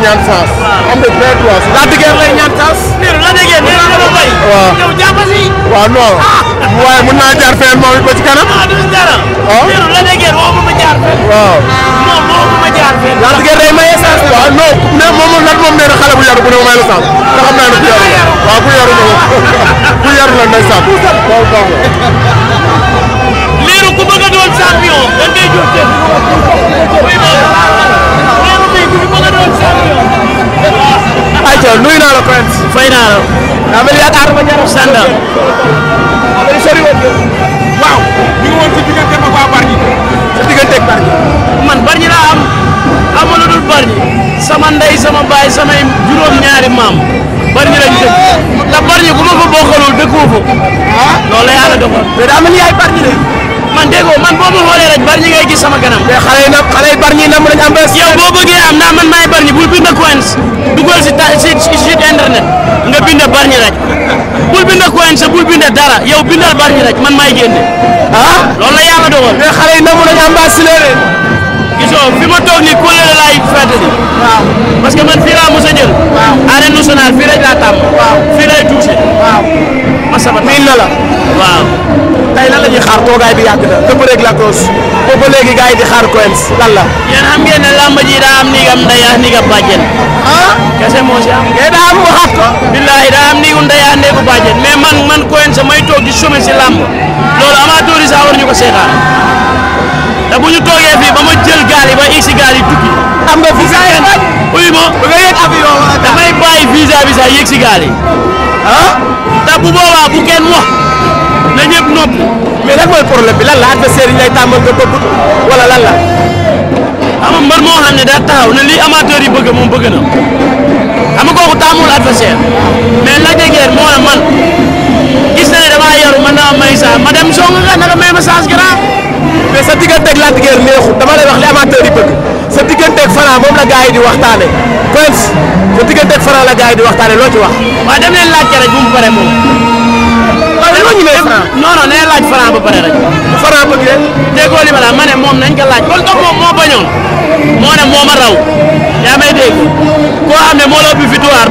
ñaan saas. am de très trois. Lac de Guiers lay ñaan saas. nee na Lac de Guiers nee naa la ma bay. waaw yow jàpp si. waaw non ah. waaye mën naa jaar feneen moom it ba ci kanam. ah du dara. ah nee na Lac de Guiers woo ma jaar feneen. waaw moom moo ma jaar feneen. Lac de Guiers day maye saas. waaw non mais moom nag moom nee na xale bu yaru bu ne ma may la saas. te xam naa ne bu yaru waaw bu yaru moom bu yaru la day saas. waaw baax na. liiru ku bëgg a doon champion. dañ koy jur ayca nuyu naa la Prince. a naa la. daa mel ni ak Adama Diarra Sanda. waaw. ñu ngi woon ci diggante ak waa man Bargny laa am amalu dul sama ndey sama baay samay juróom-ñaari maam. Bargny lañ dëkk. te Bargny ku ma fa bokkalul dëkkuwoo fa. Ah? loolu la yàlla dogal. mais daa mel de. man déggoo man boo ma xoolee rek bari ñi ngay gis sama kanam. mais xale yi nag xale yi bari ñi lamb lañ am yow boo bëggee am naa man maay bari ñi bul bind coins dugal la yàlla dogal. mais xale gisoo fi ma toog nii kuréel laay fàttali. waaw parce que man fii laa mos a jël. waaw arène nationale fii rek laa tàmm. waaw fii lay touché. waaw masaba miin na la. waaw. tey lan la ñuy xaar bi yàgg na dëpp rek la cause. boobu ba di xaar Quench lan la. yéen xam ngeen ji daa am nii nga am ndey ak ah? kese moo si am. kay daa am waxaat ko. billahi daa am nii ndey ak man man may toog di si làmb loolu amateur yi sax war ñu te bu ñu toogee fii ba ma jël gaal yi ba si gaal yi tukki. am nga visa yéen uyu ma. da ngay damay bàyyi visa bi sax si gaal yi. ah. te bu boobaa bu kenn wax na ñëpp nopp. mais lan mooy problème bi lan la adversaire yi lay tàmbal nga topp la. xam nga moo xam ne daa taxaw ne lii amateur yi bëgg moom bëgg na xam nga kooku taamul moo ne man gis na ne damaa yor naa may saa ma dem song nga naka may ma chance mais sa digganteeg Lac de Guiers neexut dama lay wax li amateur yi bëgg sa digganteeg Franc moom la gars yi di waxtaane Quench sa digganteeg Franc la gars yi di waxtaane loo ci wax. waaw dem leen laajte rek bu mu moom. dama ñu may franc laaj franc ba pare rek. franc bëggee. déggoo ma la ma ne moom nañ ko laaj kon comme moom moo bañoon moo ne moo ma raw yaa may dégg koo ne moo la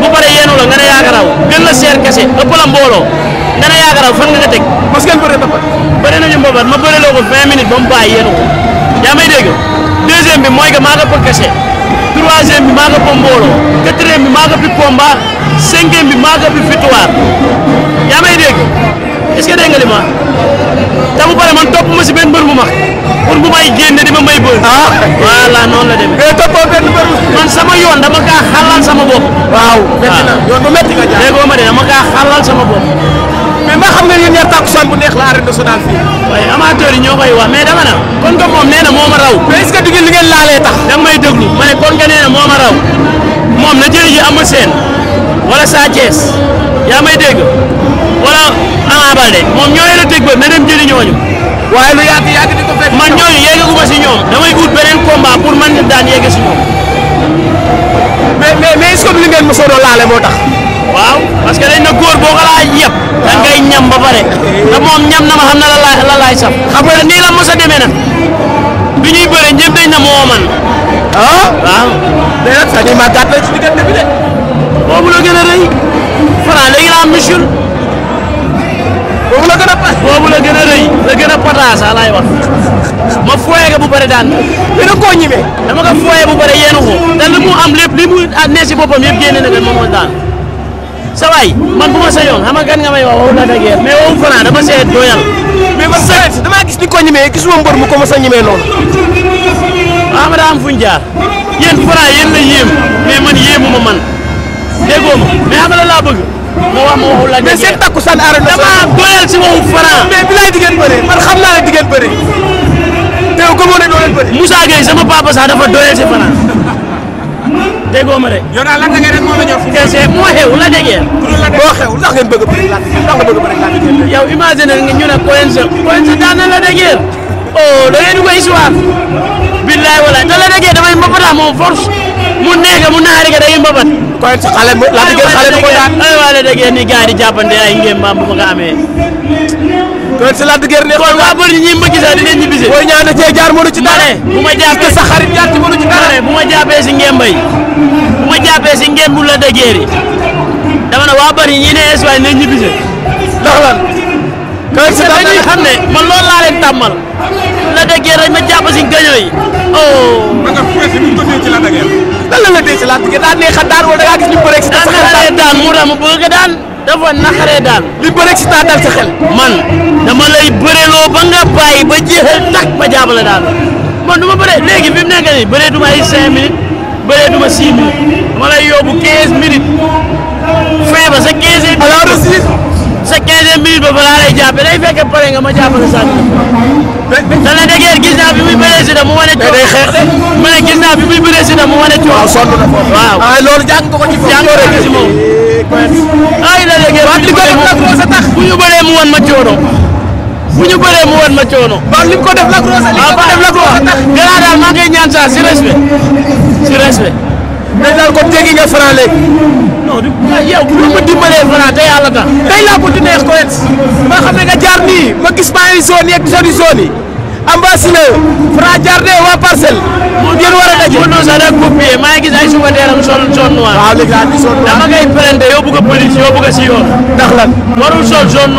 bu pare yéenu la nga ne yaa raw gën la seer kese ëpp la nga ne yaa raw fan nga ko teg. parce que bëri na ko bëri nañu mbobat ma bëri loo ko 20 minutes ba mu bàyyi yéenu ko yaa may dégg deuxième mooy que maa ko ëpp kese. troisième bi maa ko ëpp mbooloo quatrième bi maa ko est-ce que dégg nga li ma te bu pare man topp ma si benn mbër bu mag pour bu may génne di ma may bëri. ah voilà noonu la demee. mais eh, toppoo benn mbër man sama yoon dama kaa xalal sama bopp. waaw ah. métti na yoon bu métti nga jaar déggoo ma de dama nga xam nga yéen ñaar tàkkusaan bu neex la arène nationale fii. waaye amateurs yi ñoo koy wax mais dama na kon nga moom nee na moo ma raw. mais est-ce que du ngeen li ngeen laalee tax. da nga ma ne kon nga nee na moo raw moom na jëli ji am seen wala Sa Thiès yaa may dégg wala. Ama Baldé moom ñooñu la teg ba na dem jëli ñooñu. waaye lu yàgg yàgg di ko fekk. man ñooñu yeggaguma si ñoom damay ut beneen combat pour man ñu daan laale moo tax. waaw parce dañ na góor boo ko laaj yëpp. da ngay ñam ba pare. te moom ñam na ma xam na la laay la laay nii la mos a demee bi ñuy bëre ñëpp dañ na moo man. ah waaw. mais nag sax ni ma gàtt ci diggante bi de. boobu la gën a rëy. Franc léegi la am boobu la gën a. boobu la gën a rëy la a pataas ah, laay wax ma fooyee bu bëri daan dina koo ñemee dama ko fooyee bu bëri yéen a ko mu am lépp li mu ah, ne si boppam yëpp na leen moom mooy daan sa ma sañoon xam nga gan nga may wax waxu Lac de Guiers dama seet doyal. mais man seet damaa gis ni ko ñemee gisuma mbër mu commencé ñemee noonu. waaw ah, xam nga daa am fuñ jaar la yéem mais man yéemu ma man déggoo ma mais xam la laa bëgg. moo wax ma waxul la mais seen takkusaan arène damaa doyal si waxu Franc mais bi laay diggéen bëri doo sama papa sax dafa doyal si Franc déggoo ma de yow daal lan la ngay def moo la ñor fi kese moo xew la déggee boo imagine nga ñu ne Coense Coense la déggee oh da ngay dugg histoire billaay walaay te la déggee damay mbapata moom force mu neex mu naari nga day mbabat. koy xale bu la dëgg xale bu ko daan ay wala dëgg ni gars yi ay ngeen maam bu ma ko amee. si la dëgg ne kon waa bëri ñi ma gisee dinañ ñu bisee. booy bu ma jàppee sa xarit jaar ci mënu ci dara. bu ma jàppee si ngeen bay bu ma jàppee ngeen bu la dëgg dama ne waa bëri ñi ne Espagne dinañ ñu kër si dañuy xam ne man loolu laa leen tàmmal. la déggee dañ ma jàpp si gëñoo yi. oh. ma nga fuwe si ci la déggee. lan la la dee ci la déggee daan neexa daan wala da ngaa gis si. dafa si daan dal sa man dama lay bëreloo ba nga bàyyi ba jeexal tak ba jaabale daan man du ma bëree léegi fi mu nekk nii bëree du ma ay 5 minutes bëree dama lay yóbbu 15 minutes fin ba sa sa 15e minute ba balaa lay jàppee day fekk pare nga ma jàppale sànni te la dëgër gis naa bi muy bëree da mu wane coow. day ma ne gis naa bi muy bëree si da mu wane coow. waaw sonn na foofu waaw. ah loolu jàng nga ko ci foofu jàng nga ko ay la dëgër bu ñu mu wan ma coono. bu ñu mu wan ma coono. waaw la ah, daal maa ñaan saa si respect si respect. mais daal comme jéggi nga faral léegi non du ah, yow bu ma dimbalee Franc te laa ko neex ko ma xam ne nga jaar nii ma gis maa ngi zone yi ak zone yi zone yi ambassadeur Franc jaar de waa parcelle ngeen war a daje mo non sax rek ko pie maa suba teeram sol zone noire waaw léegi laa di zone noire dama ngay prendre yóbbu si yoon ndax lan warul sol zone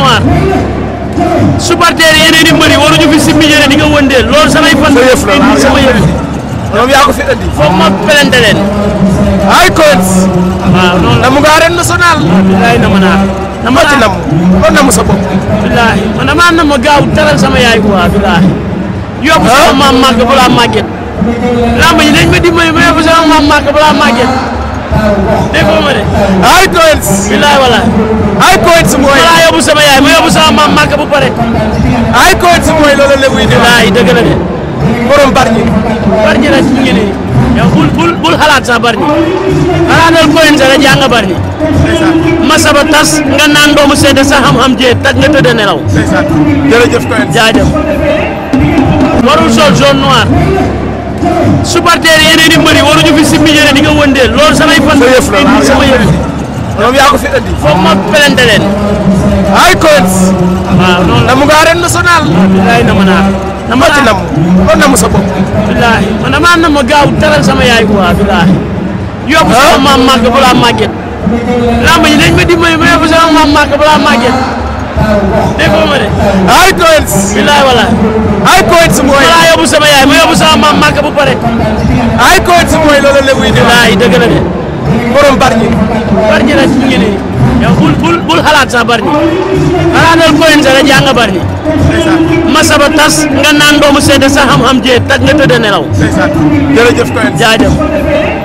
si ñoom yaa ko fi andi. foofu ma pelente leen. ay coach. la mu nga arène nationale. Ah, bilaay na ma naa. na ma ci nam kon namu sa bopp. bilaay man damaa nam ma gaaw taral sama yaay quoi bilaay. yóbbu sama maam màgg balaa màgget. lamb yi nañ ma dimbali ma yóbbu sama ay coach. sama maam màgg bu pare. ay coach mooy loolu la léegi. bilaay dëgg borom Bargny. Bargny rek ñu ngi nii yow bul bul bul xalaat sax Bargny Koyen sa rek yaa nga Bargny. masa ba tas nga naan doomu seede sa xam-xam jee tak nga tëdd nelaw. jërëjëf warul sol jaune noir. supporter yeneen i mbëri waruñu fi simbi yére di nga wëndeel loolu samay fan. indi sama yëf ñoom ma pelente leen. ay Koyen. waaw noonu la mu ngi arène nationale. bi laay na ma dama ci nam ko nam sa bopp billahi man dama nam ma gaaw teral sama yaay quoi billahi ah? yóbbu sama maam màgg balaa màgget làmb yi dañ ma dimbali yóbbu sama ma de ay coins billahi wallahi ay yóbbu sama yaay ma yóbbu sama maam màgg bu pare ay coins mooy loolu lébu yi billahi dëgg la de borom Bargny. Bargny rek ñu ngi nii. yow bul bul bul xalaat sax Bargny xalaatal Koyens rek yaa nga Bargny. masaba tas nga naan doomu seede sa xam-xam jee taj nga tëdd nelaw. jërëjëf Koyens jaajëf.